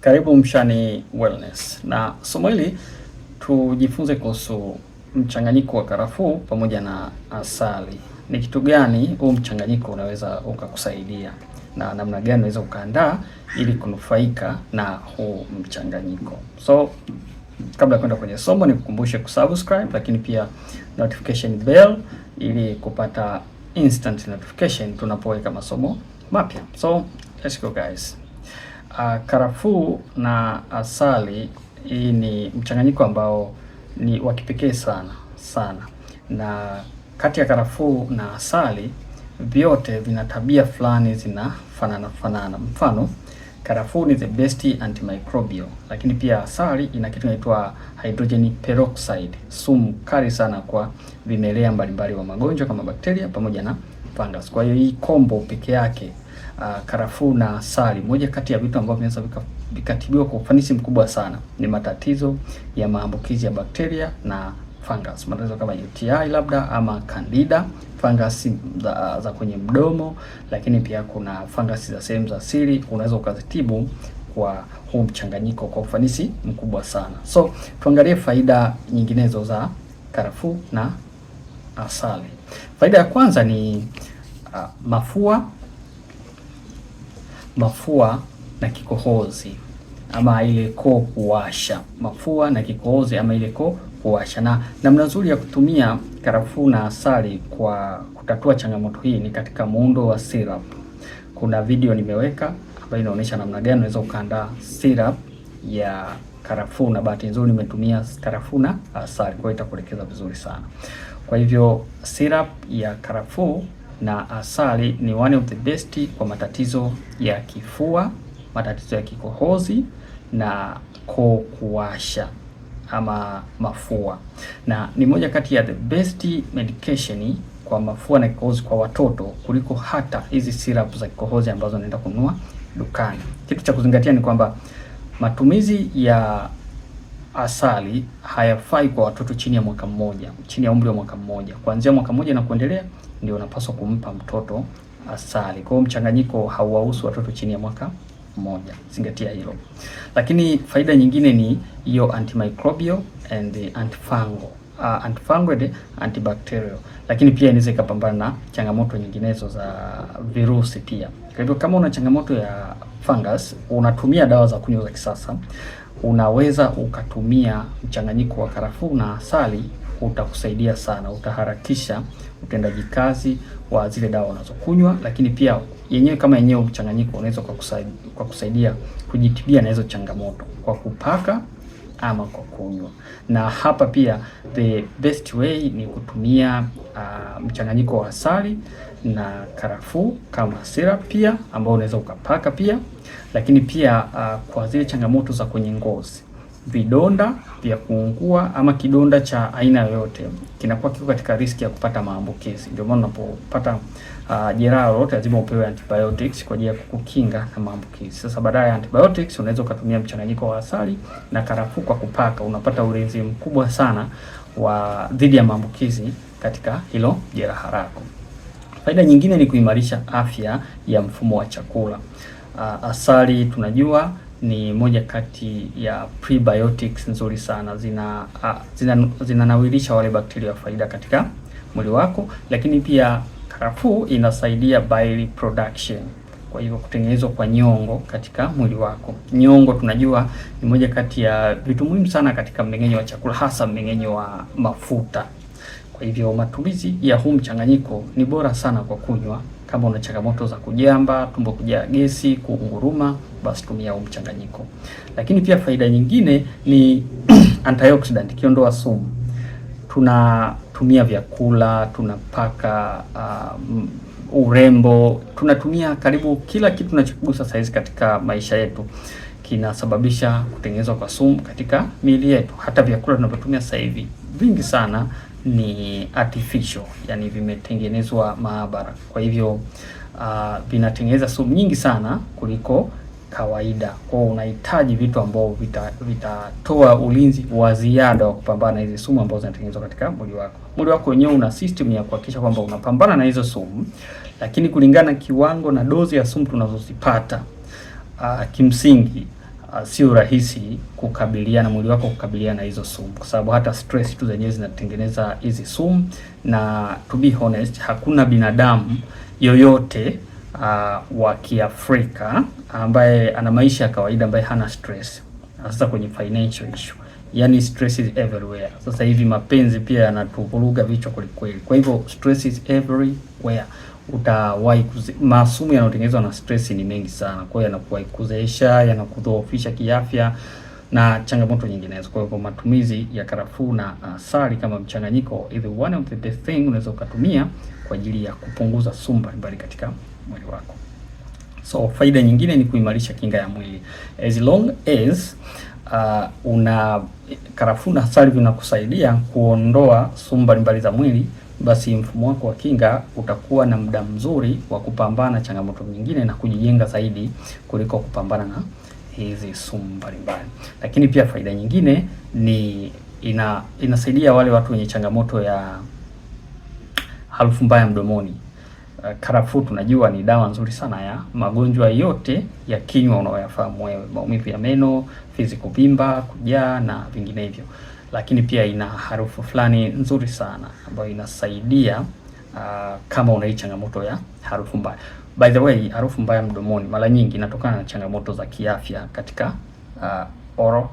Karibu Mshani Wellness, na somo hili tujifunze kuhusu mchanganyiko wa karafuu pamoja na asali. Ni kitu gani huu mchanganyiko unaweza ukakusaidia na namna gani unaweza ukaandaa ili kunufaika na huu mchanganyiko. So kabla ya kwenda kwenye somo, nikukumbushe kusubscribe, lakini pia notification bell ili kupata instant notification tunapoweka masomo mapya. So let's go guys uh, ah, karafuu na asali. Hii ni mchanganyiko ambao ni wa kipekee sana sana, na kati ya karafuu na asali vyote vina tabia fulani zinafanana fanana. Mfano, karafuu ni the best antimicrobial, lakini pia asali ina kitu inaitwa hydrogen peroxide, sumu kali sana kwa vimelea mbalimbali wa magonjwa kama bakteria pamoja na fungus. Kwa hiyo hii combo peke yake uh, karafuu na asali. Moja kati ya vitu ambavyo vinaweza vikatibiwa kwa ufanisi mkubwa sana ni matatizo ya maambukizi ya bakteria na fungus, matatizo kama UTI labda ama Candida fungus za, za kwenye mdomo, lakini pia kuna fungus za sehemu za siri, unaweza ukazitibu kwa huu mchanganyiko kwa ufanisi mkubwa sana. So tuangalie faida nyinginezo za karafuu na asali. Faida ya kwanza ni uh, mafua mafua na kikohozi ama ile koo kuwasha, mafua na kikohozi ama ile koo kuwasha. Na namna nzuri ya kutumia karafuu na asali kwa kutatua changamoto hii ni katika muundo wa syrup. Kuna video nimeweka ambayo inaonyesha namna gani unaweza ukaandaa syrup ya karafuu, na bahati nzuri nimetumia karafuu na asali, kwa hiyo itakuelekeza vizuri sana. Kwa hivyo syrup ya karafuu na asali ni one of the best kwa matatizo ya kifua, matatizo ya kikohozi na koo kuwasha ama mafua, na ni moja kati ya the best medication kwa mafua na kikohozi kwa watoto kuliko hata hizi syrup za kikohozi ambazo naenda kununua dukani. Kitu cha kuzingatia ni kwamba matumizi ya asali hayafai kwa watoto chini ya mwaka mmoja, chini ya umri wa mwaka mmoja. Kuanzia mwaka mmoja na kuendelea ndio unapaswa kumpa mtoto asali. Kwa hiyo mchanganyiko hauwahusu watoto chini ya mwaka mmoja, zingatia hilo. Lakini faida nyingine ni hiyo antimicrobial and antifungal uh, antifungal antibacterial, lakini pia inaweza ikapambana na changamoto nyinginezo za virusi pia. Kwa hivyo kama una changamoto ya fungus, unatumia dawa za kunywa za kisasa, unaweza ukatumia mchanganyiko wa karafuu na asali, utakusaidia sana, utaharakisha utendaji kazi wa zile dawa unazokunywa, lakini pia yenyewe kama yenyewe mchanganyiko unaweza kwa kusaidia, kwa kusaidia kujitibia na hizo changamoto kwa kupaka ama kwa kunywa. Na hapa pia the best way ni kutumia uh, mchanganyiko wa asali na karafuu kama syrup pia ambao unaweza ukapaka pia, lakini pia uh, kwa zile changamoto za kwenye ngozi vidonda vya kuungua ama kidonda cha aina yoyote kinakuwa kiko katika riski ya kupata maambukizi. Ndio maana unapopata uh, jeraha lolote lazima upewe antibiotics kwa ajili ya kukinga na maambukizi. Sasa baada ya antibiotics unaweza ukatumia mchanganyiko wa asali na karafuu kwa kupaka, unapata ulinzi mkubwa sana wa dhidi ya maambukizi katika hilo jeraha lako. Faida nyingine ni kuimarisha afya ya mfumo wa chakula. Uh, asali tunajua ni moja kati ya prebiotics nzuri sana, zina ah, zinanawirisha zina wale bakteria wa faida katika mwili wako, lakini pia karafuu inasaidia bile production, kwa hivyo kutengenezwa kwa nyongo katika mwili wako. Nyongo tunajua ni moja kati ya vitu muhimu sana katika mmeng'enyo wa chakula, hasa mmeng'enyo wa mafuta. Kwa hivyo matumizi ya huu mchanganyiko ni bora sana kwa kunywa kama una changamoto za kujamba, tumbo kujaa gesi, kuunguruma, basi tumia huu mchanganyiko. Lakini pia faida nyingine ni antioxidant, kiondoa sumu. Tunatumia vyakula, tunapaka uh, urembo tunatumia karibu kila kitu tunachogusa saizi katika maisha yetu kinasababisha kutengenezwa kwa sumu katika miili yetu. Hata vyakula tunavyotumia sasa hivi vingi sana ni artificial, yani vimetengenezwa maabara. Kwa hivyo ah, vinatengeneza sumu nyingi sana kuliko kawaida. Kwa hiyo unahitaji vitu ambavyo vitatoa vita ulinzi wa ziada wa kupambana na hizi sumu ambazo zinatengenezwa katika mwili wako. Mwili wako wenyewe una system ya kuhakikisha kwamba unapambana na hizo sumu, lakini kulingana kiwango na dozi ya sumu tunazozipata, uh, kimsingi uh, sio rahisi kukabiliana mwili wako kukabiliana na hizo sumu, kwa sababu hata stress tu zenyewe zinatengeneza hizi sumu, na to be honest, hakuna binadamu yoyote uh, wa Kiafrika ambaye ana maisha ya kawaida ambaye hana stress, hasa kwenye financial issue. Yani, stress is everywhere. Sasa hivi mapenzi pia yanatuvuruga vichwa kwelikweli, kwa hivyo stress is everywhere utawahi masumu yanayotengenezwa na stress ni mengi sana, kwa hiyo yanakuwa kuzeesha, yanakudhoofisha kiafya na changamoto nyinginezo. Kwa hiyo matumizi ya karafuu na asali uh, kama mchanganyiko, either one of the best thing unaweza ukatumia kwa ajili ya kupunguza sumu mbalimbali katika mwili wako. So faida nyingine ni kuimarisha kinga ya mwili as long as uh, una karafuu na asali vinakusaidia kuondoa sumu mbalimbali za mwili basi mfumo wako wa kinga utakuwa na muda mzuri wa kupambana changamoto nyingine na kujijenga zaidi kuliko kupambana na hizi sumu mbalimbali. Lakini pia faida nyingine ni ina, inasaidia wale watu wenye changamoto ya harufu mbaya mdomoni. Karafuu eh, tunajua ni dawa nzuri sana ya magonjwa yote ya kinywa unaoyafahamu wewe: maumivu ya meno, fizi kuvimba, kujaa na vinginevyo lakini pia ina harufu fulani nzuri sana ambayo inasaidia uh, kama una changamoto ya harufu mbaya. By the way, harufu mbaya mdomoni mara nyingi inatokana na changamoto za kiafya katika uh, oro,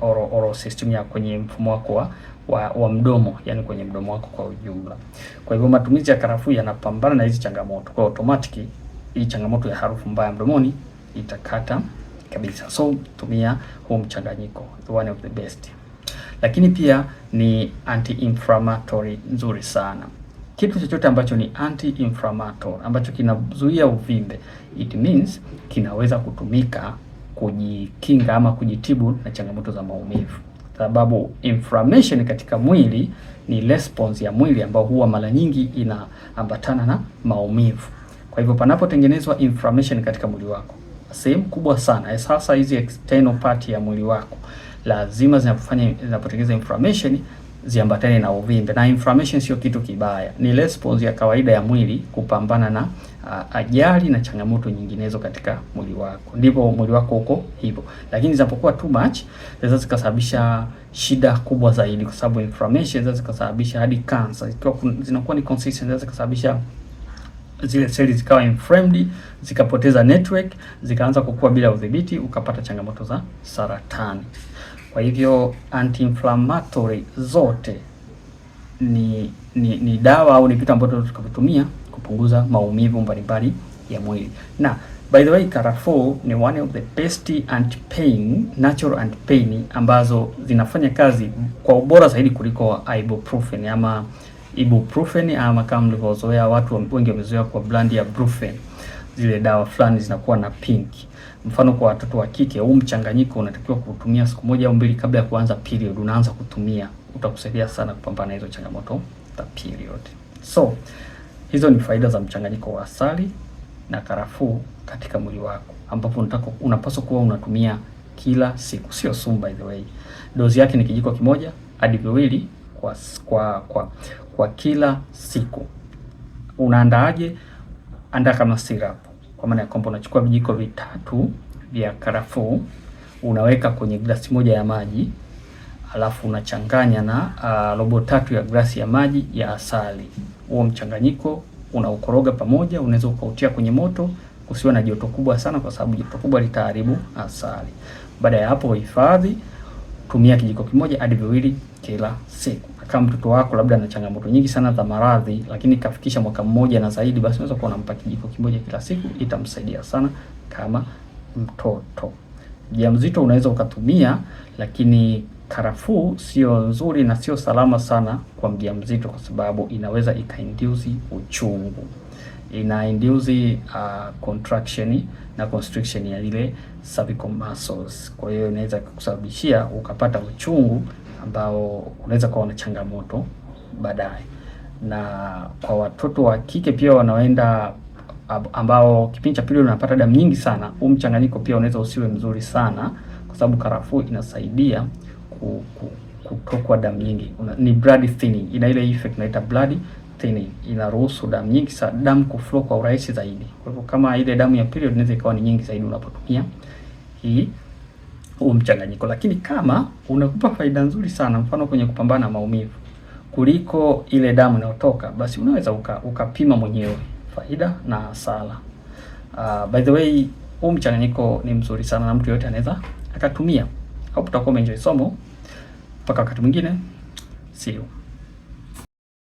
oro, oro system ya kwenye mfumo wako wa, wa, wa mdomo, yani kwenye mdomo wako kwa ujumla. Kwa hivyo matumizi ya karafuu yanapambana na hizi changamoto, kwa automatic hii changamoto ya harufu mbaya mdomoni itakata kabisa. So tumia huu mchanganyiko, the one of the best lakini pia ni anti-inflammatory nzuri sana. Kitu chochote ambacho ni anti-inflammatory ambacho kinazuia uvimbe, it means kinaweza kutumika kujikinga ama kujitibu na changamoto za maumivu, sababu inflammation katika mwili ni response ya mwili ambayo huwa mara nyingi inaambatana na maumivu. Kwa hivyo panapotengenezwa inflammation katika mwili wako sehemu kubwa sana, hasa hizi external part ya mwili wako lazima zinapofanya zinapotengeza inflammation ziambatane na uvimbe, na inflammation sio kitu kibaya, ni response ya kawaida ya mwili kupambana na uh, ajali na changamoto nyinginezo katika mwili wako, ndipo mwili wako uko hivyo. Lakini zinapokuwa too much zinaweza zikasababisha shida kubwa zaidi, kwa sababu inflammation zinaweza zikasababisha hadi cancer, ikiwa zinakuwa ni consistent, zinaweza zikasababisha zile seli zikawa inflamed zikapoteza network zikaanza kukua bila udhibiti, ukapata changamoto za saratani. Kwa hivyo anti-inflammatory zote ni, ni, ni dawa au ni vitu ambavyo tukavitumia kupunguza maumivu mbalimbali ya mwili. Na by the way, Carrefour ni one of the best anti-pain, natural anti-pain ambazo zinafanya kazi kwa ubora zaidi kuliko ibuprofen ama ibuprofen ama kama mlivyozoea watu wengi wamezoea kwa brand ya Brufen zile dawa fulani zinakuwa na pink. Mfano kwa watoto wa kike, huu mchanganyiko unatakiwa kutumia siku moja au mbili kabla ya kuanza period, unaanza kutumia, utakusaidia sana kupambana hizo changamoto za period. So hizo ni faida za mchanganyiko wa asali na karafuu katika mwili wako, ambapo unataka unapaswa kuwa unatumia kila siku, sio sumu by the way. Dozi yake ni kijiko kimoja hadi viwili kwa, kwa, kwa, kwa kila siku. Unaandaaje? Andaa kama syrup kwa maana ya kwamba unachukua vijiko vitatu vya karafuu unaweka kwenye glasi moja ya maji, alafu unachanganya na uh, robo tatu ya glasi ya maji ya asali. Huo mchanganyiko unaukoroga pamoja, unaweza ukautia kwenye moto, kusiwa na joto kubwa sana, kwa sababu joto kubwa litaharibu asali. Baada ya hapo, hifadhi, tumia kijiko kimoja hadi viwili kila siku kama mtoto wako labda ana changamoto nyingi sana za maradhi, lakini kafikisha mwaka mmoja na zaidi, basi unaweza kuwa unampa kijiko kimoja kila siku, itamsaidia sana kama mtoto. Mjamzito unaweza ukatumia, lakini karafuu sio nzuri na sio salama sana kwa mjamzito, kwa sababu inaweza ikainduce uchungu, ina induce uh, ah, contraction na constriction ya ile cervical muscles. Kwa hiyo inaweza kusababishia ukapata uchungu ambao unaweza kuwa na changamoto baadaye, na kwa watoto wa kike pia wanaenda ambao kipindi cha pili unapata damu nyingi sana, huu mchanganyiko pia unaweza usiwe mzuri sana, kwa sababu karafuu inasaidia ku, ku, kutokwa damu nyingi. Ni blood thinning, ina ile effect inaita blood thinning, inaruhusu damu nyingi sana, damu kuflow kwa urahisi zaidi. Kwa hivyo kama ile damu ya period inaweza ikawa ni nyingi zaidi unapotumia hii huu mchanganyiko, lakini kama unakupa faida nzuri sana, mfano kwenye kupambana na maumivu kuliko ile damu inayotoka, basi unaweza ukapima uka mwenyewe faida na hasara. Uh, by the way huu mchanganyiko ni mzuri sana na mtu yote anaweza akatumia. Hapo tutakuwa umeenjoy somo mpaka wakati mwingine, see you.